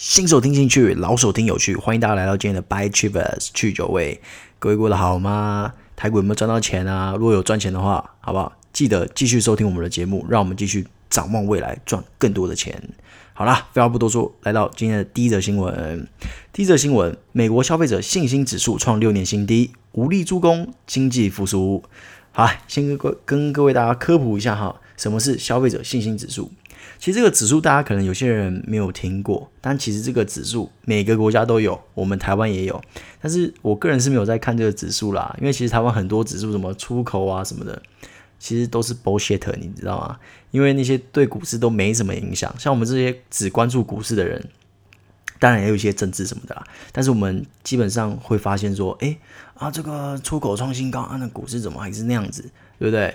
新手聽進去，老手聽有趣，歡迎大家來到今天的 Buy Travers 去酒位。各位過得好嗎？台股有沒有賺到錢啊？如果有賺錢的話，好不好？記得繼續收聽我們的節目，讓我們繼續展望未來，賺更多的錢。好啦，廢話不多說，來到今天的第一則新聞。第一則新聞：美國消費者信心指數創六年新低，無力助攻經濟復甦。好，先跟跟各位大家科普一下哈，什麼是消費者信心指數？其實這個指數大家可能有些人沒有聽過，但其實這個指數每個國家都有，我們台灣也有。但是我個人是沒有在看這個指數啦，因為其實台灣很多指數，什麼出口啊什麼的，其實都是 bullshit，你知道嗎？因為那些對股市都沒什麼影響。像我們這些只關注股市的人，當然也有一些政治什麼的啦。但是我們基本上會發現說，誒啊，這個出口創新高啊，那股市怎麼還是那樣子，對不對？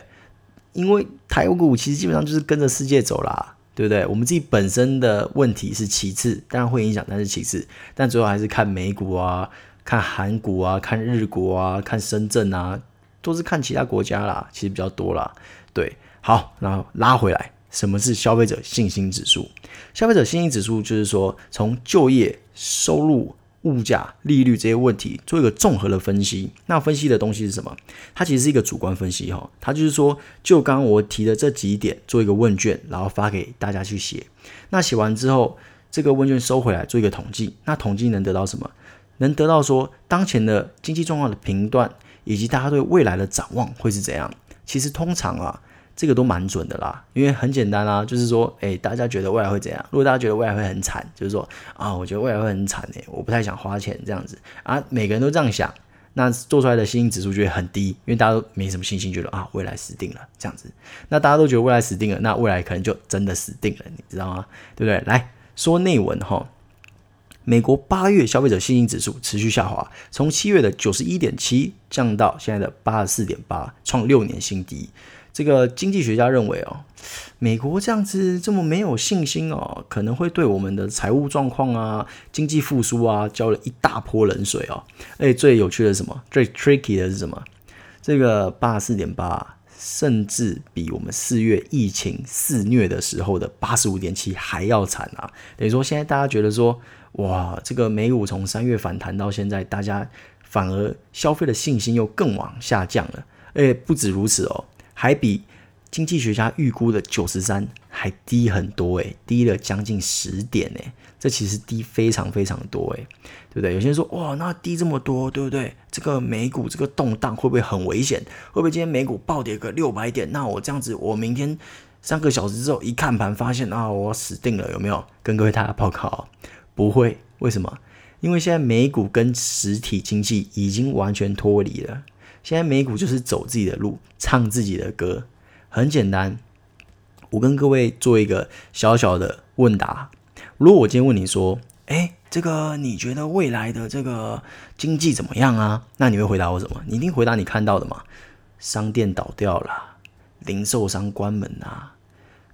因為台灣股其實基本上就是跟着世界走啦。對不對？我們自己本身的問題是其次，當然會影響，但是其次。但主要還是看美股啊，看韓國啊，看日國啊，看深圳啊，都是看其他國家啦，其實比較多啦。對，好，然後拉回來，什麼是消費者信心指數？消費者信心指數就是說，從就業、收入。物價、利率這些問題做一個綜合的分析，那分析的東西是什麼？它其實是一個主觀分析哈，它就是說，就剛剛我提的這幾點做一個問卷，然後發給大家去寫。那寫完之後，這個問卷收回來做一個統計，那統計能得到什麼？能得到說當前的經濟狀況的評斷，以及大家對未來的展望會是怎樣？其實通常啊。這個都蠻準的啦，因為很簡單啊，就是說，誒、欸，大家覺得未來會怎樣？如果大家覺得未來會很慘，就是說啊，我覺得未來會很慘哎、欸，我不太想花錢這樣子啊，每個人都這樣想，那做出來的信心指數就會很低，因為大家都沒什麼信心，覺得啊，未來死定了這樣子。那大家都覺得未來死定了，那未來可能就真的死定了，你知道嗎？對不對？來說內文哈，美國八月消費者信心指數持續下滑，從七月的九十一點七降到現在的八十四點八，創六年新低。這個經濟學家認為，哦，美國這樣子這麼沒有信心哦，可能會對我們的財務狀況啊、經濟復甦啊澆了一大潑冷水哦。哎，最有趣的是什麼？最 tricky 的是什麼？這個八十四點八，甚至比我們四月疫情肆虐的時候的八十五點七還要慘啊！等於說，現在大家覺得說，哇，這個美股從三月反彈到現在，大家反而消費的信心又更往下降了。哎，不止如此哦。還比經濟學家預估的九十三還低很多哎，低了將近十點哎，這其實低非常非常多哎，對不對？有些人說，哇，那低這麼多，對不對？這個美股這個動盪會不會很危險？會不會今天美股暴跌個六百點？那我這樣子，我明天三個小時之後一看盤，發現啊，我死定了，有沒有？跟各位大家報告，不會。為什麼？因為現在美股跟實體經濟已經完全脫離了。現在美股就是走自己的路，唱自己的歌，很簡單。我跟各位做一個小小的問答。如果我今天問你說，哎，這個你覺得未來的這個經濟怎麼樣啊？那你會回答我什麼？你一定回答你看到的嘛，商店倒掉了，零售商關門啦，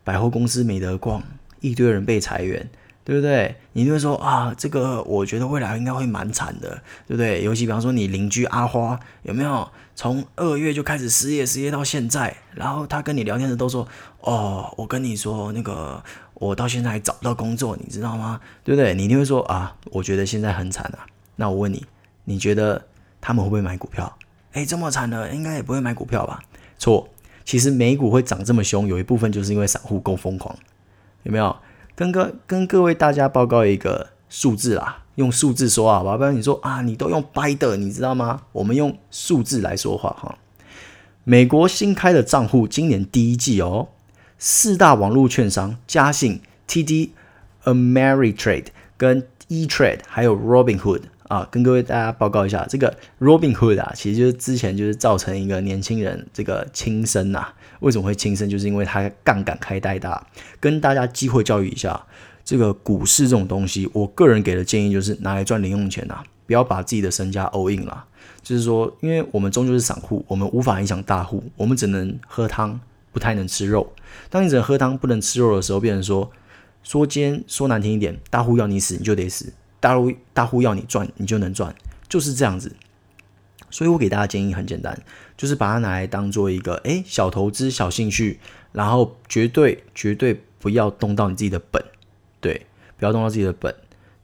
百貨公司沒得逛，一堆人被裁員。對不對？你就會說啊，這個我覺得未來應該會蠻慘的，對不對？尤其比方說你鄰居阿花有沒有從二月就開始失業，失業到現在，然後他跟你聊天的都說：“哦，我跟你說，那個我到現在還找不到工作，你知道嗎？”對不對？你一定會說啊，我覺得現在很慘啊。那我問你，你覺得他們會不會買股票？誒，這麼慘的，應該也不會買股票吧？錯，其實美股會漲這麼兇，有一部分就是因為散戶夠瘋狂，有沒有？跟各跟各位大家報告一個數字啦，用數字說話好不好？不然你說啊，你都用掰的，你知道嗎？我們用數字來說話哈。美國新開的賬戶今年第一季哦，四大網絡券商：嘉信、TD Ameritrade、跟 eTrade，還有 Robinhood。啊，跟各位大家報告一下，這個 Robin Hood 啊，其實就是之前就是造成一個年輕人這個輕生吶、啊。為什麼會輕生？就是因為他槓桿開太大。跟大家機會教育一下，這個股市這種東西，我個人給的建議就是拿來賺零用錢吶、啊，不要把自己的身家 all in 啊。就是說，因為我們終究是散戶，我們無法影響大戶，我們只能喝湯，不太能吃肉。當你只能喝湯不能吃肉的時候，變成說說尖說難聽一點，大戶要你死你就得死。大戶，大戶要你賺，你就能賺，就是這樣子。所以我給大家建議很簡單，就是把它拿來當做一個誒小投資、小興趣，然後絕對絕對不要動到你自己的本，對，不要動到自己的本。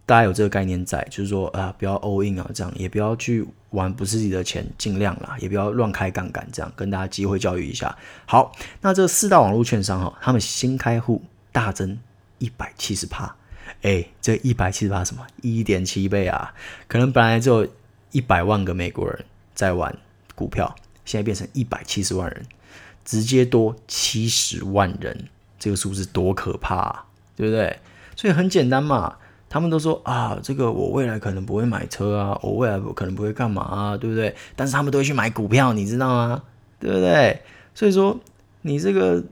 大家有這個概念在，就是說呃不要 all in 啊，這樣也不要去玩不是自己的錢，儘量啦，也不要亂開槓桿，這樣跟大家機會教育一下。好，那這四大網絡券商哈、哦，他們新開戶大增一百七十趴誒，這一百七十八什麼一點七倍啊？可能本來就一百萬個美國人在玩股票，現在變成一百七十萬人，直接多七十萬人，這個數字多可怕啊，對不對？所以很簡單嘛，他們都說啊，這個我未來可能不會買車啊，我未來可能不會幹嘛啊，對不對？但是他們都會去買股票，你知道嗎？對不對？所以說你這個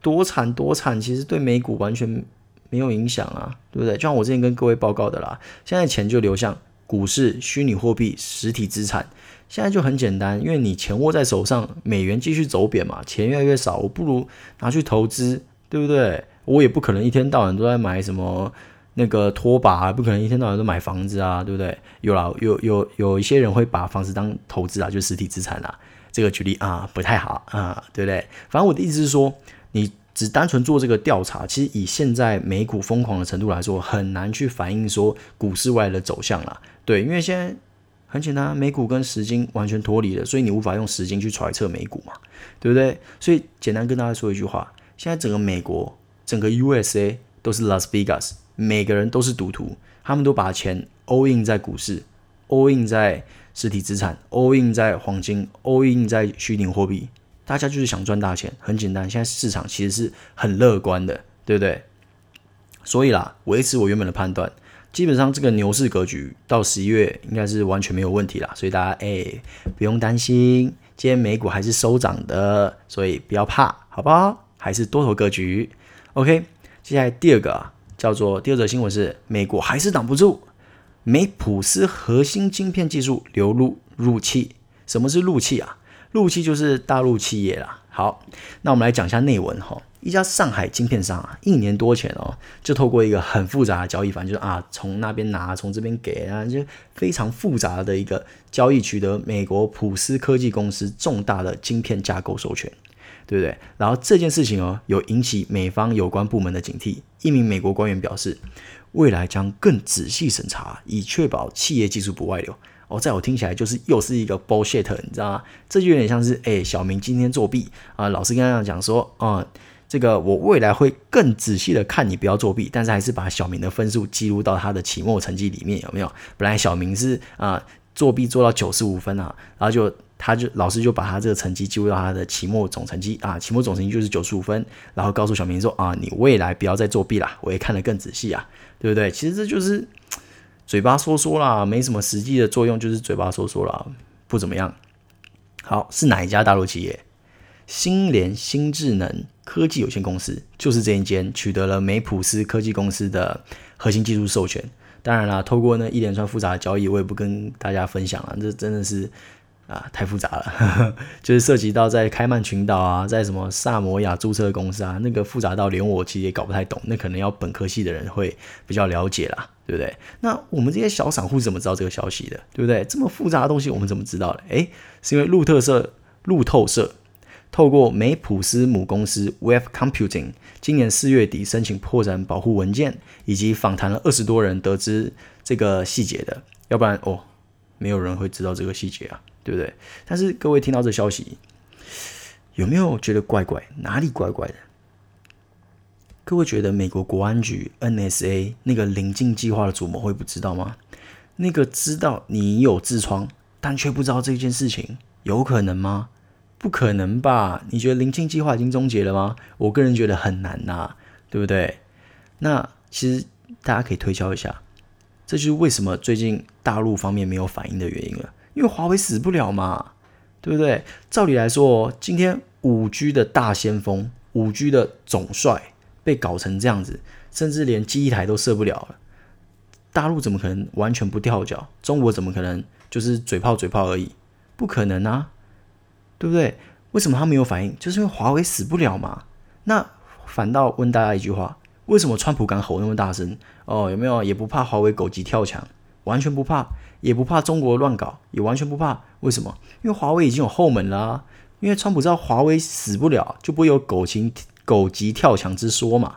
多慘多慘，其實對美股完全。沒有影響啊，對不對？就像我之前跟各位報告的啦，現在錢就流向股市、虛擬貨幣、實體資產。現在就很簡單，因為你錢握在手上，美元繼續走貶嘛，錢越來越少，我不如拿去投資，對不對？我也不可能一天到晚都在買什麼那個拖把啊，不可能一天到晚都買房子啊，對不對？有啦，有有有一些人會把房子當投資啊，就實體資產啊，這個舉例啊不太好啊，對不對？反正我的意思是說，你。只單純做這個調查，其實以現在美股瘋狂的程度來說，很難去反映說股市外的走向啦。對，因為現在很簡單，美股跟實金完全脫離了，所以你無法用實金去揣測美股嘛，對不對？所以簡單跟大家說一句話，現在整個美國，整個 USA 都是 Las Vegas，每個人都是賭徒，他們都把錢 all in 在股市，all in 在實體資產，all in 在黃金，all in 在虛擬貨幣。大家就是想賺大錢，很簡單。現在市場其實是很樂觀的，對不對？所以啦，維持我原本的判斷，基本上這個牛市格局到十一月應該是完全沒有問題啦。所以大家哎、欸，不用擔心，今天美股還是收漲的，所以不要怕，好不好？還是多頭格局。OK，接下來第二個叫做第二則新聞是，美國還是擋不住，美普斯核心晶片技術流入入氣。什麼是入氣啊？陸企就是大陸企業啦。好，那我們來講一下內文哈、哦。一家上海晶片商啊，一年多前哦，就透過一個很複雜的交易法，就是啊，從那邊拿，從這邊給啊，就非常複雜的一個交易，取得美國普斯科技公司重大的晶片架構授權，對不對？然後這件事情哦，有引起美方有關部門的警惕。一名美國官員表示，未來將更仔細審查，以確保企業技術不外流。哦，在我聽起來就是又是一個 bullshit，你知道嗎？這就有點像是，哎、欸，小明今天作弊啊，呃，老師跟他講說，嗯，呃，這個我未來會更仔細的看，你不要作弊，但是還是把小明的分數記錄到他的期末成績裡面，有沒有？本來小明是啊，呃，作弊做到九十五分啊，然後就他就老師就把他這個成績記錄到他的期末總成績啊，呃，期末總成績就是九十五分，然後告訴小明說啊，呃，你未來不要再作弊啦，我也看得更仔細啊，對不對？其實這就是。嘴巴說說啦，沒什麼實際的作用，就是嘴巴說說啦，不怎麼樣。好，是哪一家大陸企業？新聯新智能科技有限公司，就是這一間取得了美普斯科技公司的核心技術授權。當然啦，透過那一連串複雜的交易，我也不跟大家分享了，這真的是。啊，太複雜了呵呵，就是涉及到在開曼群島啊，在什麼薩摩亞註冊公司啊，那個複雜到連我其實也搞不太懂，那可能要本科系的人會比較了解啦，對不對？那我們這些小散戶是怎麼知道這個消息的？對不對？這麼複雜的東西我們怎麼知道的？誒，是因為路透社，路透社透過梅普斯母公司 Wave Computing 今年四月底申請破產保護文件，以及訪談了二十多人得知這個細節的，要不然哦，沒有人會知道這個細節啊。對不對？但是各位聽到這消息，有沒有覺得怪怪？哪裡怪怪的？各位覺得美國國安局 NSA 那個“稜鏡計劃”的主謀會不知道嗎？那個知道你有痔瘡，但卻不知道這件事情，有可能嗎？不可能吧？你覺得“稜鏡計劃”已經終結了嗎？我個人覺得很難吶、啊，對不對？那其實大家可以推敲一下，這就是為什麼最近大陸方面沒有反應的原因了。因為華為死不了嘛，對不對？照理來說，今天五 G 的大先鋒、五 G 的總帥被搞成這樣子，甚至連機一台都設不了了，大陸怎麼可能完全不跳腳？中國怎麼可能就是嘴炮嘴炮而已？不可能啊，對不對？為什麼他沒有反應？就是因為華為死不了嘛。那反倒問大家一句話：為什麼川普敢吼那麼大聲？哦，有沒有？也不怕華為狗急跳牆，完全不怕。也不怕中國亂搞，也完全不怕。為什麼？因為華為已經有後門了啊。因為川普知道華為死不了，就不會有“狗情狗急跳牆”之說嘛，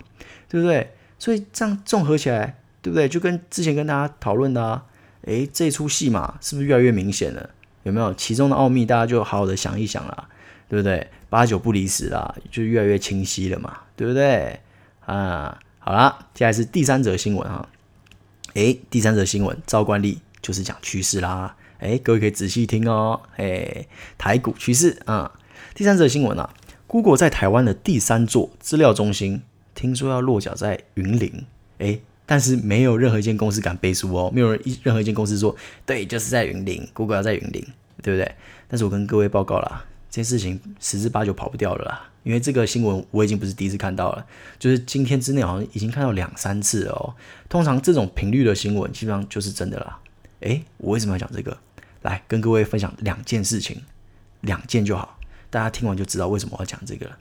對不對？所以這樣綜合起來，對不對？就跟之前跟大家討論的啊，誒，這齣戲嘛，是不是越來越明顯了？有沒有其中的奧秘？大家就好好的想一想啦，對不對？八九不離十啦，就越來越清晰了嘛，對不對？啊，好啦，接下來是第三則新聞哈。誒，第三則新聞，照慣例。就是講趨勢啦，哎，各位可以仔細聽哦，哎，台股趨勢啊，嗯。第三則新聞啊，Google 在台灣的第三座資料中心，聽說要落腳在雲林，哎，但是沒有任何一間公司敢背書哦，沒有人一任何一間公司說，對，就是在雲林，Google 要在雲林，對不對？但是我跟各位報告啦，這件事情十之八九跑不掉了啦，因為這個新聞我已經不是第一次看到了，就是今天之內好像已經看到兩三次哦。通常這種頻率的新聞，基本上就是真的啦。哎，我為什麼要講這個？來跟各位分享兩件事情，兩件就好，大家聽完就知道為什麼要講這個了。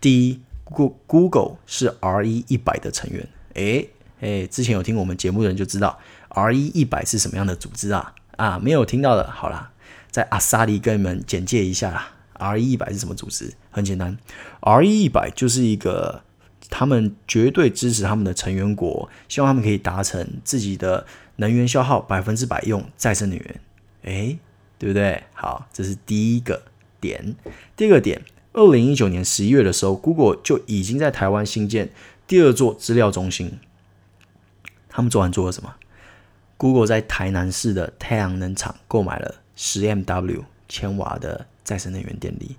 第一，Google 是 RE100 的成員。哎哎，之前有聽我們節目的人就知道 RE100 是什麼樣的組織啊。啊，沒有聽到的好啦，在阿薩里跟你們簡介一下啦。RE100 是什麼組織？很簡單，RE100 就是一個他們絕對支持他們的成員國，希望他們可以達成自己的。能源消耗百分之百用再生能源，誒，對不對？好，這是第一個點。第二個點，二零一九年十一月的時候，Google 就已經在台灣新建第二座資料中心。他們昨晚做了什麼？Google 在台南市的太陽能廠購買了十 MW 千瓦的再生能源電力，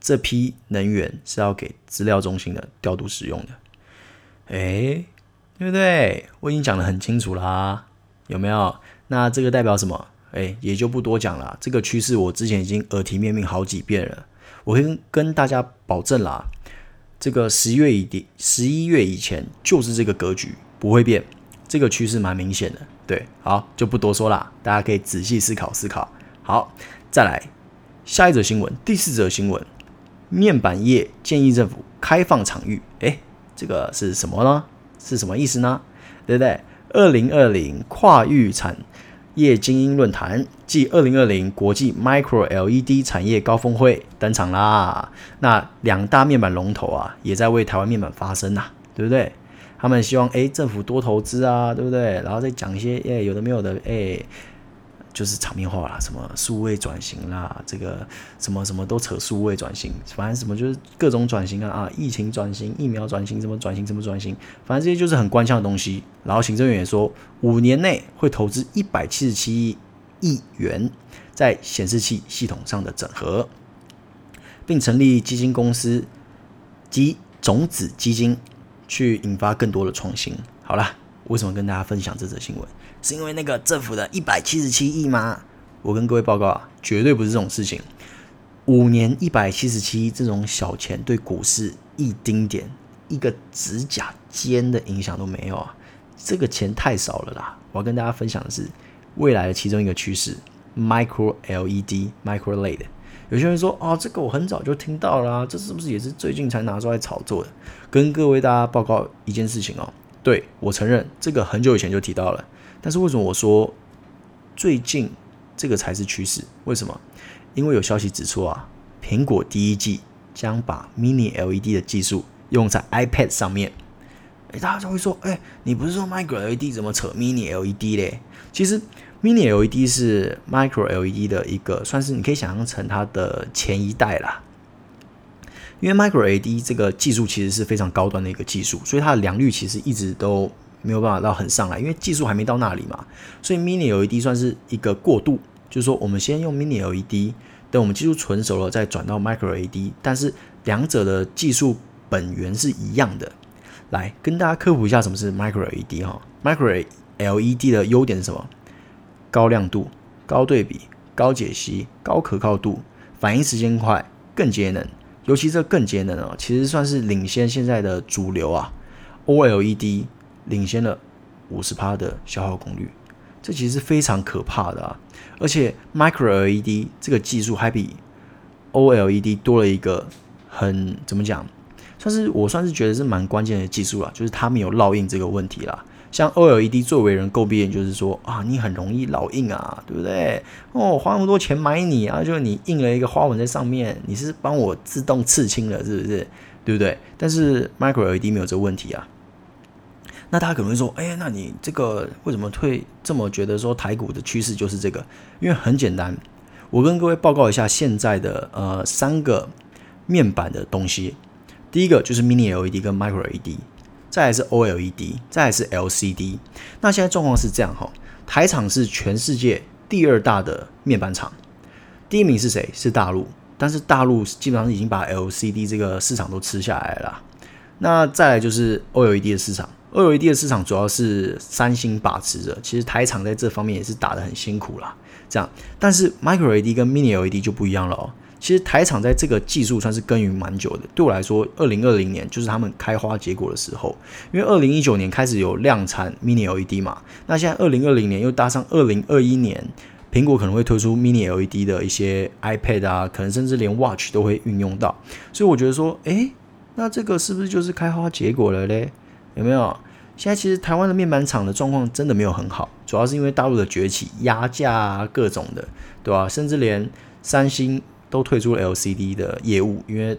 這批能源是要給資料中心的調度使用的。誒，對不對？我已經講得很清楚啦、啊。有沒有？那這個代表什麼？哎，也就不多講了啊。這個趨勢我之前已經耳提面命好幾遍了。我跟跟大家保證啦啊，這個十月以、十一月以前就是這個格局不會變。這個趨勢蠻明顯的。對，好，就不多說啦，大家可以仔細思考思考。好，再來下一則新聞，第四則新聞：面板業建議政府開放場域。哎，這個是什麼呢？是什麼意思呢？對不對？二零二零跨域產業精英論壇暨二零二零國際 Micro LED 產業高峰會登場啦！那兩大面板龍頭啊，也在為台灣面板發聲吶、啊，對不對？他們希望哎、欸，政府多投資啊，對不對？然後再講一些哎、欸，有的沒有的哎。欸就是場面化啦，什麼數位轉型啦，這個什麼什麼都扯數位轉型，反正什麼就是各種轉型啊啊，疫情轉型、疫苗轉型，怎麼轉型，怎麼轉型，反正這些就是很官腔的東西。然後行政院也說，五年內會投資一百七十七億元在顯示器系統上的整合，並成立基金公司及種子基金，去引發更多的創新。好啦。為什麼跟大家分享這則新聞？是因為那個政府的一百七十七億嗎？我跟各位報告啊，絕對不是這種事情。五年一百七十七億這種小錢，對股市一丁點、一個指甲尖的影響都沒有啊！這個錢太少了啦。我要跟大家分享的是未來的其中一個趨勢，Micro LED、Micro LED。有些人說，哦，這個我很早就聽到啦、啊，這是不是也是最近才拿出來炒作的？跟各位大家報告一件事情哦。對，我承認，這個很久以前就提到了，但是為什麼我說最近這個才是趨勢？為什麼？因為有消息指出啊，蘋果第一季將把 Mini LED 的技術用在 iPad 上面。哎、欸，大家就會說，哎、欸，你不是說 Micro LED 怎麼扯 Mini LED 呢？其實 Mini LED 是 Micro LED 的一個，算是你可以想象成它的前一代啦。因為 micro LED 這個技術其實是非常高端的一個技術，所以它的良率其實一直都沒有辦法到很上來，因為技術還沒到那裡嘛。所以 mini LED 算是一個過渡，就是說我們先用 mini LED，等我們技術純熟了再轉到 micro LED。但是兩者的技術本源是一樣的。來跟大家科普一下什麼是 micro LED 哈、哦。micro LED 的優點是什麼？高亮度、高對比、高解析、高可靠度、反應時間快、更節能。尤其這更節能啊，其實算是領先現在的主流啊，OLED 領先了五十趴的消耗功率，這其實是非常可怕的啊。而且 Micro LED 這個技術還比 OLED 多了一個很，怎麼講，算是我算是覺得是蠻關鍵的技術了，就是它沒有烙印這個問題啦。像 OLED 最為人詬病就是說啊，你很容易烙印啊，對不對？哦，花那麼多錢買你啊，就是你印了一個花紋在上面，你是幫我自動刺青了，是不是？對不對？但是 Micro LED 沒有這個問題啊。那他可能會說，哎，那你這個為什麼會這麼覺得？說台股的趨勢就是這個？因為很簡單，我跟各位報告一下現在的呃三個面板的東西。第一個就是 Mini LED 跟 Micro LED。再來是 O L E D，再來是 L C D。那現在狀況是這樣哈，台廠是全世界第二大的面板廠，第一名是誰？是大陸。但是大陸基本上已經把 L C D 這個市場都吃下來了。那再來就是 O L E D 的市場，O L E D 的市場主要是三星把持着，其實台廠在這方面也是打得很辛苦啦。這樣，但是 Micro L E D 跟 Mini L E D 就不一樣了哦、喔。其實台廠在這個技術算是耕耘蠻久的，對我來說，二零二零年就是他們開花結果的時候，因為二零一九年開始有量產 Mini LED 嘛，那現在二零二零年又搭上二零二一年，蘋果可能會推出 Mini LED 的一些 iPad 啊，可能甚至連 Watch 都會運用到，所以我覺得說，誒，那這個是不是就是開花結果了嘞？有沒有？現在其實台灣的面板廠的狀況真的沒有很好，主要是因為大陸的崛起壓價啊，各種的，對吧，甚至連三星。都退出 LCD 的業務，因為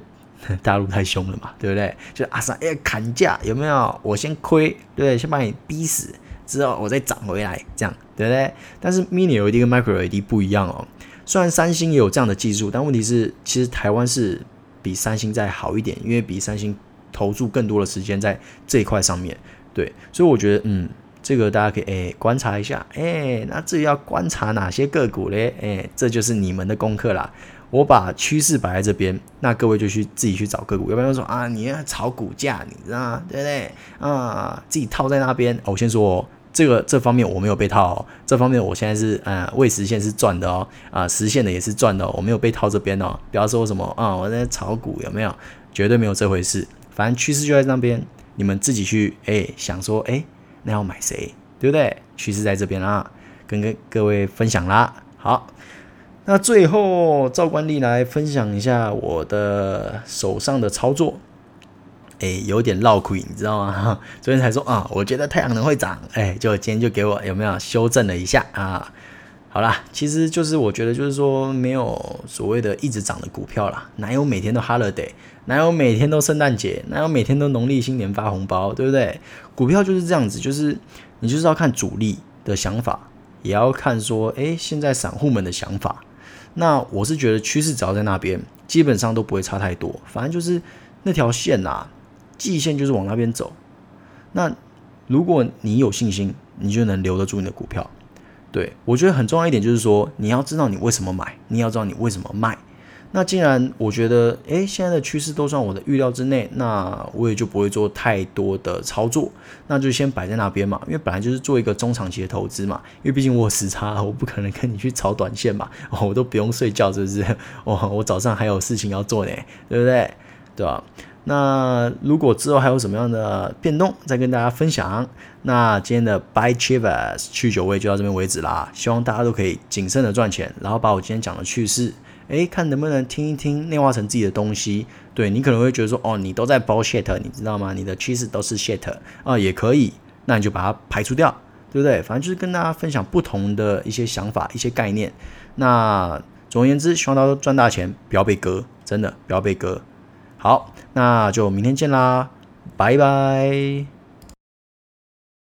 大陸太兇了嘛，對不對？就啊，三哎、欸、砍價有沒有？我先虧，對不對，先把你逼死之後，我再漲回來，這樣對不對？但是 Mini LED 跟 Micro LED 不一樣哦。雖然三星也有這樣的技術，但問題是其實台灣是比三星再好一點，因為比三星投注更多的時間在這一塊上面對，所以我覺得嗯，這個大家可以哎、欸、觀察一下哎、欸，那至於要觀察哪些個股嘞哎、欸，這就是你們的功課啦。我把趨勢擺在這邊，那各位就去自己去找個股。有朋友說啊，你要炒股價，你知道嗎？對不對？啊，自己套在那邊、啊。我先說、哦，這個這方面我沒有被套、哦，這方面我現在是呃、嗯、未實現是賺的哦，啊實現的也是賺的、哦，我沒有被套這邊哦。不要說什麼啊，我在炒股，有沒有？絕對沒有這回事。反正趨勢就在那邊，你們自己去哎、欸、想說哎、欸，那要買誰，對不對？趨勢在這邊啦，跟跟各位分享啦。好。那最後，照慣例來分享一下我的手上的操作，誒、欸，有點繞口，你知道嗎？哈，昨天才說啊，我覺得太陽能會漲，誒、欸，就今天就給我有沒有修正了一下啊？好啦，其實就是我覺得就是說沒有所謂的一直漲的股票啦，哪有每天都 holiday，哪有每天都聖誕節，哪有每天都農曆新年發紅包，對不對？股票就是這樣子，就是你就是要看主力的想法，也要看說，誒、欸，現在散戶們的想法。那我是覺得趨勢只要在那邊，基本上都不會差太多。反正就是那條線吶、啊，季線就是往那邊走。那如果你有信心，你就能留得住你的股票。對我覺得很重要一點就是說，你要知道你為什麼買，你要知道你為什麼賣。那既然我覺得，誒，現在的趨勢都算我的預料之內，那我也就不會做太多的操作，那就先擺在那邊嘛。因為本來就是做一個中長期的投資嘛。因為畢竟我有時差，我不可能跟你去炒短線嘛。哦、我都不用睡覺，是不是？哦，我早上還有事情要做呢，對不對？對吧？那如果之後還有什麼樣的變動，再跟大家分享。那今天的 Buy Chivas 去酒位就到這邊為止啦。希望大家都可以謹慎的賺錢，然後把我今天講的趨勢。誒，看能不能聽一聽，內化成自己的東西。對，你可能會覺得說，哦，你都在包 shit，你知道嗎？你的趨勢都是 shit 啊，也可以，那你就把它排除掉，對不對？反正就是跟大家分享不同的一些想法、一些概念。那總而言之，希望大家都賺大錢，不要被割，真的，不要被割。好，那就明天見啦，拜拜。